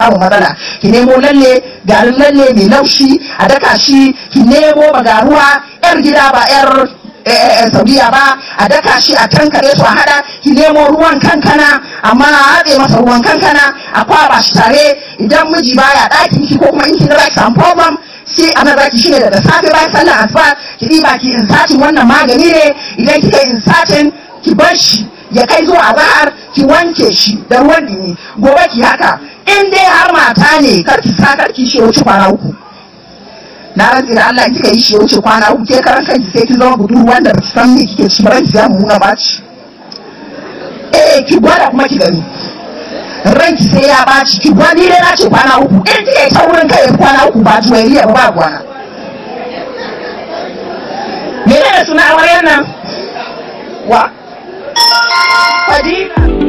samun matsala ki nemo lalle garin lalle mai laushi a daka shi ki nemo ruwa yar gida ba yar eh, eh, eh, saudiya ba a daka shi a tankare su a hada ki nemo ruwan kankana amma a haɗe masa ruwan kankana a kwaba shi tare idan miji baya ɗakin ki ko kuma in ki na samu problem sai a mazaki shine daga safe bayan sallar asuba ki ɗiba ki insatin wannan magani ne idan kika insatin ki bar shi ya kai zuwa azahar ki wanke shi da ruwan dumi gobe ki haka in dai har mata ne kar ki sa kar ki shi wuce kwana uku na rantsi da Allah kika yi shi ya wuce kwana uku ke karan kanki sai ki zama budurwa wanda ba ki san me kike ci ba ki zamu nuna baci eh ki gwada kuma ki gani ranki sai ya baci ki gwani ni dai na ce kwana uku in kike ta wurin kai kwana uku ba juwairiya ba gwana menene suna amaryar nan wa 快点！